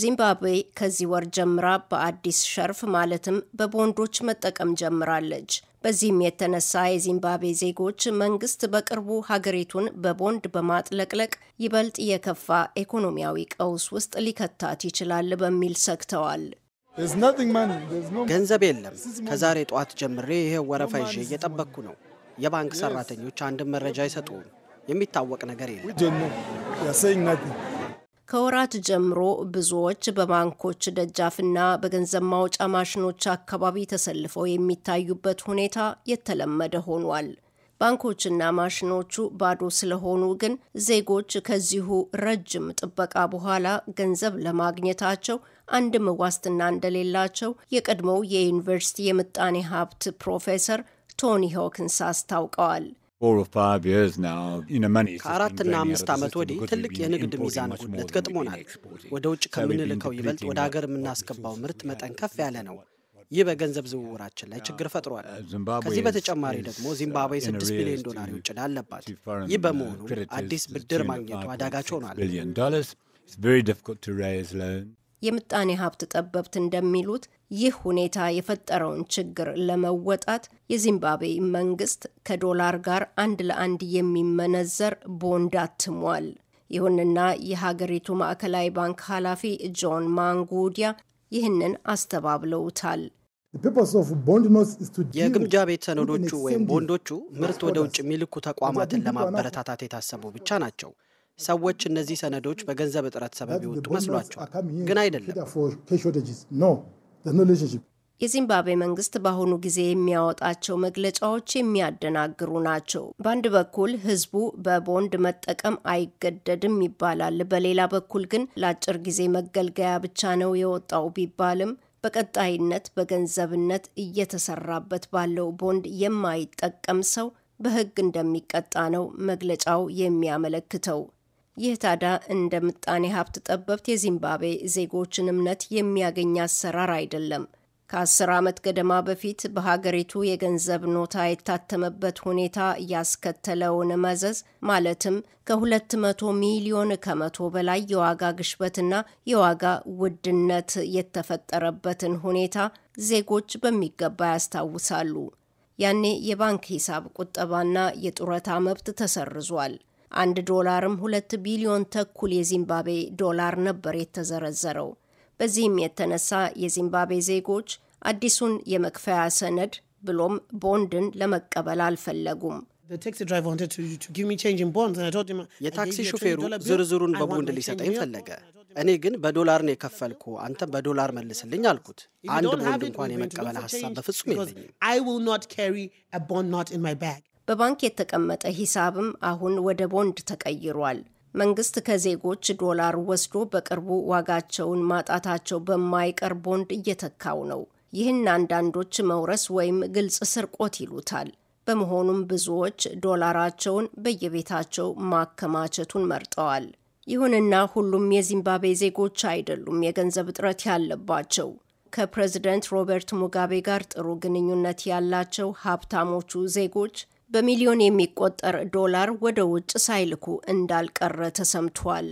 ዚምባብዌ ከዚህ ወር ጀምራ በአዲስ ሸርፍ ማለትም በቦንዶች መጠቀም ጀምራለች። በዚህም የተነሳ የዚምባብዌ ዜጎች መንግስት በቅርቡ ሀገሪቱን በቦንድ በማጥለቅለቅ ይበልጥ የከፋ ኢኮኖሚያዊ ቀውስ ውስጥ ሊከታት ይችላል በሚል ሰግተዋል። ገንዘብ የለም። ከዛሬ ጠዋት ጀምሬ ይሄ ወረፋ ይዤ እየጠበቅኩ ነው። የባንክ ሰራተኞች አንድም መረጃ አይሰጡም። የሚታወቅ ነገር የለም። ከወራት ጀምሮ ብዙዎች በባንኮች ደጃፍና በገንዘብ ማውጫ ማሽኖች አካባቢ ተሰልፈው የሚታዩበት ሁኔታ የተለመደ ሆኗል። ባንኮችና ማሽኖቹ ባዶ ስለሆኑ ግን ዜጎች ከዚሁ ረጅም ጥበቃ በኋላ ገንዘብ ለማግኘታቸው አንድም ዋስትና እንደሌላቸው የቀድሞው የዩኒቨርሲቲ የምጣኔ ሀብት ፕሮፌሰር ቶኒ ሆክንስ አስታውቀዋል። ከአራትና አምስት ዓመት ወዲህ ትልቅ የንግድ ሚዛን ጉድለት ገጥሞናል። ወደ ውጭ ከምንልከው ይበልጥ ወደ አገር የምናስገባው ምርት መጠን ከፍ ያለ ነው። ይህ በገንዘብ ዝውውራችን ላይ ችግር uh, ፈጥሯል። ከዚህ በተጨማሪ ደግሞ uh, ዚምባብዌ 6 ቢሊዮን ዶላር የውጭ ዕዳ አለባት። ይህ በመሆኑ አዲስ ብድር ማግኘቱ አዳጋች ሆኗል። የምጣኔ ሀብት ጠበብት እንደሚሉት ይህ ሁኔታ የፈጠረውን ችግር ለመወጣት የዚምባብዌ መንግስት ከዶላር ጋር አንድ ለአንድ የሚመነዘር ቦንድ አትሟል። ይሁንና የሀገሪቱ ማዕከላዊ ባንክ ኃላፊ ጆን ማንጉዲያ ይህንን አስተባብለውታል። የግምጃ ቤት ሰነዶቹ ወይም ቦንዶቹ ምርት ወደ ውጭ የሚልኩ ተቋማትን ለማበረታታት የታሰቡ ብቻ ናቸው። ሰዎች እነዚህ ሰነዶች በገንዘብ እጥረት ሰበብ የወጡ መስሏቸው ግን አይደለም። የዚምባብዌ መንግስት በአሁኑ ጊዜ የሚያወጣቸው መግለጫዎች የሚያደናግሩ ናቸው። በአንድ በኩል ህዝቡ በቦንድ መጠቀም አይገደድም ይባላል፣ በሌላ በኩል ግን ለአጭር ጊዜ መገልገያ ብቻ ነው የወጣው ቢባልም በቀጣይነት በገንዘብነት እየተሰራበት ባለው ቦንድ የማይጠቀም ሰው በህግ እንደሚቀጣ ነው መግለጫው የሚያመለክተው። ይህ ታዳ እንደ ምጣኔ ሀብት ጠበብት የዚምባብዌ ዜጎችን እምነት የሚያገኝ አሰራር አይደለም። ከአስር ዓመት ገደማ በፊት በሀገሪቱ የገንዘብ ኖታ የታተመበት ሁኔታ ያስከተለውን መዘዝ ማለትም ከ200 ሚሊዮን ከመቶ በላይ የዋጋ ግሽበትና የዋጋ ውድነት የተፈጠረበትን ሁኔታ ዜጎች በሚገባ ያስታውሳሉ። ያኔ የባንክ ሂሳብ ቁጠባና የጡረታ መብት ተሰርዟል። አንድ ዶላርም ሁለት ቢሊዮን ተኩል የዚምባብዌ ዶላር ነበር የተዘረዘረው። በዚህም የተነሳ የዚምባብዌ ዜጎች አዲሱን የመክፈያ ሰነድ ብሎም ቦንድን ለመቀበል አልፈለጉም። uh, የታክሲ ሹፌሩ ዝርዝሩን በቦንድ ሊሰጠኝ ፈለገ። እኔ ግን በዶላር ነው የከፈልኩ፣ አንተ በዶላር መልስልኝ አልኩት። አንድ ቦንድ እንኳን የመቀበል ሀሳብ በፍጹም የለኝም። በባንክ የተቀመጠ ሂሳብም አሁን ወደ ቦንድ ተቀይሯል። መንግስት ከዜጎች ዶላር ወስዶ በቅርቡ ዋጋቸውን ማጣታቸው በማይቀር ቦንድ እየተካው ነው። ይህን አንዳንዶች መውረስ ወይም ግልጽ ስርቆት ይሉታል። በመሆኑም ብዙዎች ዶላራቸውን በየቤታቸው ማከማቸቱን መርጠዋል። ይሁንና ሁሉም የዚምባብዌ ዜጎች አይደሉም የገንዘብ እጥረት ያለባቸው። ከፕሬዝደንት ሮበርት ሙጋቤ ጋር ጥሩ ግንኙነት ያላቸው ሀብታሞቹ ዜጎች በሚሊዮን የሚቆጠር ዶላር ወደ ውጭ ሳይልኩ እንዳልቀረ ተሰምቷል።